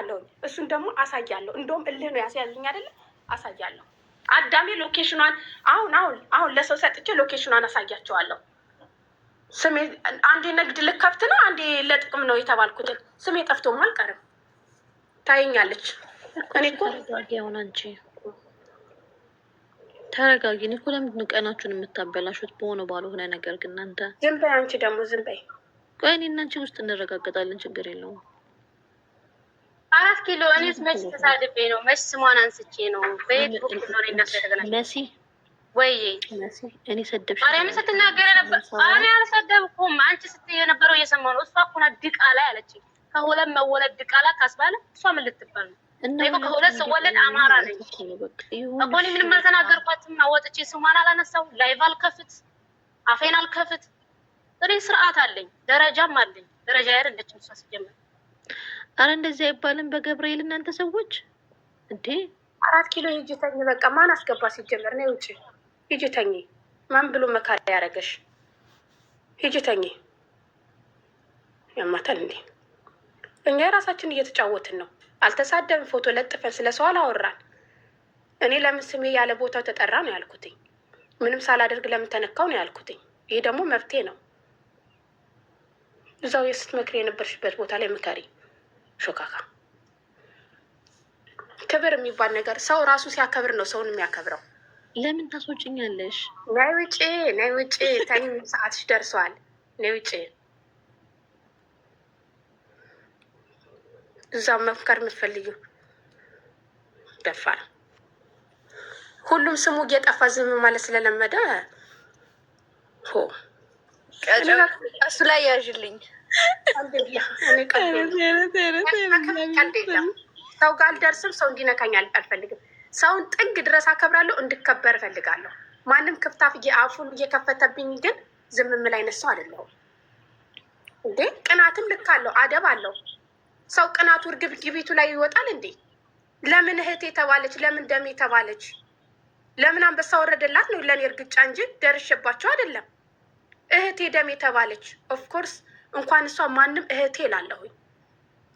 አለሁኝ። እሱን ደግሞ አሳያለሁ። እንደውም እልህ ነው ያስያዘኝ አይደለ? አሳያለሁ። አዳሜ ሎኬሽኗን አሁን አሁን አሁን ለሰው ሰጥቼ ሎኬሽኗን አሳያቸዋለሁ። ስሜ አንዴ ንግድ ልከፍት ነው አንዴ ለጥቅም ነው የተባልኩትን ስሜ ጠፍቶም አልቀርም። ታይኛለች። እኔ እኮ አሁን አንቺ ተረጋጊ። እኔ እኮ ለምንድነው ቀናችሁን የምታበላሹት? በሆነ ባልሆነ ነገር ግን እናንተ ዝም በይ። አንቺ ደግሞ ዝም በይ። ቆይ እኔ እና ውስጥ እንረጋገጣለን። ችግር የለውም። አራት ኪሎ እኔስ መች ተሳድቤ ነው? መች ስሟን አንስቼ ነው? በፌስቡክ ዞር እናስ ወይ እኔ ሰደብሽ? ማርያም ስትናገር ነበር። እኔ አልሰደብኩም። አንቺ ስትይ የነበረው እየሰማሁ ነው። እሷ እኮ ናት ድቃላ ያለችኝ። ከሁለት መወለድ ድቃላ ካስባለ እሷ ምን ልትባል ነው? እኔ ከሁለት ስወለድ አማራ ነኝ እኮ። እኔ ምንም አልተናገርኳትም። አወጥቼ ስሟን አላነሳው። ላይቭ አልከፍት፣ አፌን አልከፍት። እኔ ስርዓት አለኝ፣ ደረጃም አለኝ። ደረጃ ያደለችም እሷ ሲጀመር አረ እንደዚህ አይባልም በገብርኤል እናንተ ሰዎች እንዴ! አራት ኪሎ ሂጂ ተኝ። በቃ ማን አስገባ ሲጀመር ነው ውጭ ሂጂ ተኝ። ማን ብሎ መካሪ ያደረገሽ? ሂጂ ተኝ። ያማታል እንዴ! እኛ የራሳችን እየተጫወትን ነው። አልተሳደብን፣ ፎቶ ለጥፈን ስለ ሰው አላወራን። እኔ ለምን ስሜ ያለ ቦታው ተጠራ ነው ያልኩትኝ። ምንም ሳላደርግ ለምን ተነካው ነው ያልኩትኝ። ይሄ ደግሞ መብቴ ነው። እዛው የስትመክሪ የነበርሽበት ቦታ ላይ ምከሪ። ሾካካ ክብር የሚባል ነገር ሰው ራሱ ሲያከብር ነው ሰውን የሚያከብረው። ለምን ታስወጭኛለሽ? ናይ ውጭ ናይ ውጭ ታይም ሰዓትሽ ደርሰዋል። ናይ ውጭ እዛ መፍከር የምትፈልጊው ደፋር ሁሉም ስሙ እየጠፋ ዝም ማለት ስለለመደ እሱ ላይ ያዥልኝ ሰው ጋር አልደርስም። ሰው እንዲነካኝ አልፈልግም። ሰውን ጥግ ድረስ አከብራለሁ፣ እንድከበር እፈልጋለሁ። ማንም ክፍታፍ አፉን እየከፈተብኝ ግን ዝም የምል አይነት ሰው አይደለሁም። እንዴ ቅናትም ልክ አለው፣ አደብ አለው። ሰው ቅናቱ እርግብ ግቢቱ ላይ ይወጣል እንዴ? ለምን እህቴ የተባለች ለምን ደሜ የተባለች ለምን አንበሳ ወረደላት ነው ለእኔ እርግጫ እንጂ ደርሼባቸው አይደለም። እህቴ ደሜ የተባለች ኦፍኮርስ እንኳን እሷ ማንም እህቴ ላለሁኝ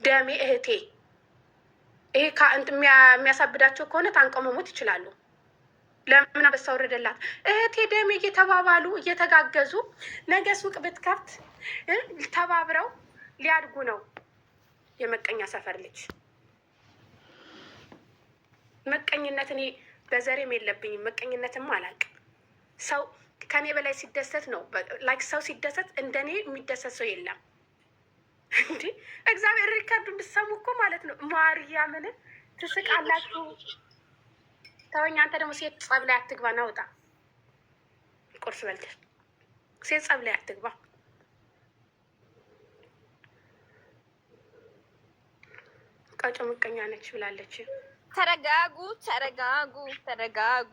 ደሜ እህቴ። ይሄ የሚያሳብዳቸው ከሆነ ታንቀው መሞት ይችላሉ። ለምን አንበሳ ወረደላት? እህቴ ደሜ እየተባባሉ እየተጋገዙ ነገ ሱቅ ብትከፍት ተባብረው ሊያድጉ ነው። የመቀኛ ሰፈር ልጅ መቀኝነት እኔ በዘሬም የለብኝም። መቀኝነትም አላውቅም ሰው ከኔ በላይ ሲደሰት ነው። ላይክ ሰው ሲደሰት እንደኔ የሚደሰት ሰው የለም። እንዲህ እግዚአብሔር ሪካርዱ እንድሰሙ እኮ ማለት ነው። ማርያምን ትስቃላችሁ። ተወኝ አንተ ደግሞ ሴት ጸብ ላይ አትግባ። ናውጣ ቁርስ በልተህ ሴት ጸብ ላይ አትግባ። ቀጮ ምቀኛ ነች ብላለች። ተረጋጉ፣ ተረጋጉ፣ ተረጋጉ።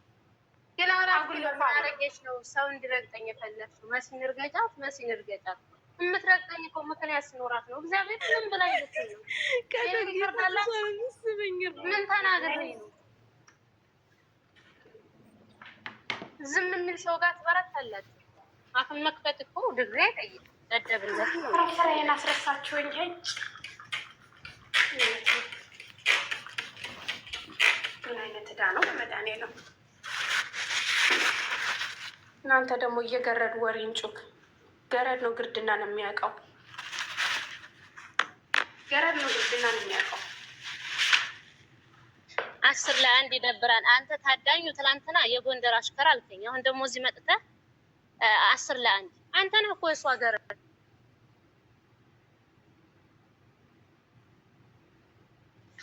ላረጌች ነው ሰው እንዲረግጠኝ የፈለግሽው? መሲ ንርገጫት፣ መሲ ንርገጫት። የምትረግጠኝ እኮ ምክንያት ሲኖራት ነው። እግዚአብሔር ምን ብላ ምን ተናግሬ ነው? ዝም የሚል ሰው ጋር ትበረታላችሁ። አፍን መክፈት እኮ ድግሬ አይጠይቅም። ፍራፍሬን አስረሳችሁኝ። ምን አይነት ዕዳ ነው? በመድኃኒዓለም ነው እናንተ ደግሞ እየገረዱ ወሬን ጩክ ገረድ ነው ግርድና ነው የሚያውቀው። ገረድ ነው ግርድና ነው የሚያውቀው። አስር ለአንድ ይደብራል። አንተ ታዳኙ ትላንትና የጎንደር አሽከር አልከኝ። አሁን ደግሞ እዚህ መጥተህ አስር ለአንድ አንተ ነህ እኮ የእሷ ገረድ።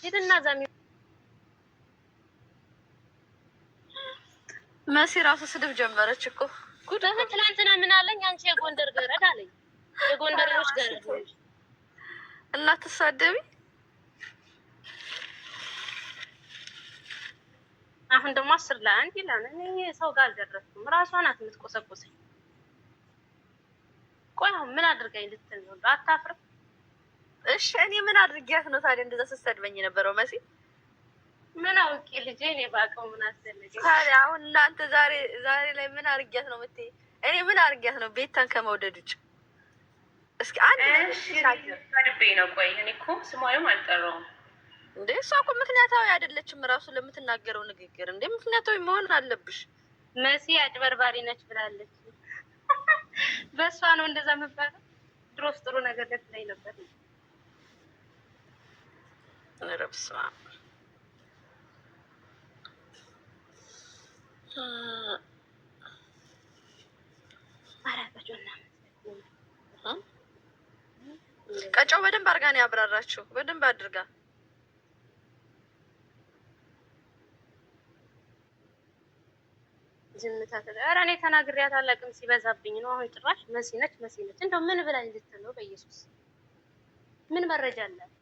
ሂድና እዛ መሲ ራሱ ስድብ ጀመረች እኮ በምን ትላንትና ምን አለኝ? አንቺ የጎንደር ገረድ አለኝ። የጎንደሮች ገረድ እናትሳደቢ አሁን ደግሞ አስር ለአንድ ይላል። እኔ ሰው ጋር አልደረስኩም። ራሷ ናት የምትቆሰቁሰኝ። ቆይ አሁን ምን አድርጋኝ ልትል ነው? አታፍርም? እሺ እኔ ምን አድርጊያት ነው ታዲያ እንደዛ ስትሰድበኝ የነበረው መሲ ምን አውቄ ልጄ እኔ ባውቀው ምን አስፈልግ። አሁን እናንተ ዛሬ ዛሬ ላይ ምን አርጊያት ነው የምትይ? እኔ ምን አርጊያት ነው ቤታን ከመውደድ ውጭ? እስኪ አንድ ልቤ ነው። ቆይ እኔ እኮ ስሟንም አልጠራውም እንዴ። እሷ እኮ ምክንያታዊ አይደለችም እራሱ ለምትናገረው ንግግር። እንዴ ምክንያታዊ መሆን አለብሽ። መሲ አጭበርባሪ ነች ብላለች። በእሷ ነው እንደዛ የምባለው። ድሮስ ጥሩ ነገር ደስ ላይ ነበር ረብሷ ቀጮው በደንብ አድርጋ ነው ያብራራችሁ። በደንብ አድርጋ ዝምታ ኧረ እኔ ተናግሬያት አላውቅም። ሲበዛብኝ ነው። አሁን ጭራሽ መሲ ነች እንደው ምን ብላ ልትል ነው? በኢየሱስ ምን መረጃ አላት?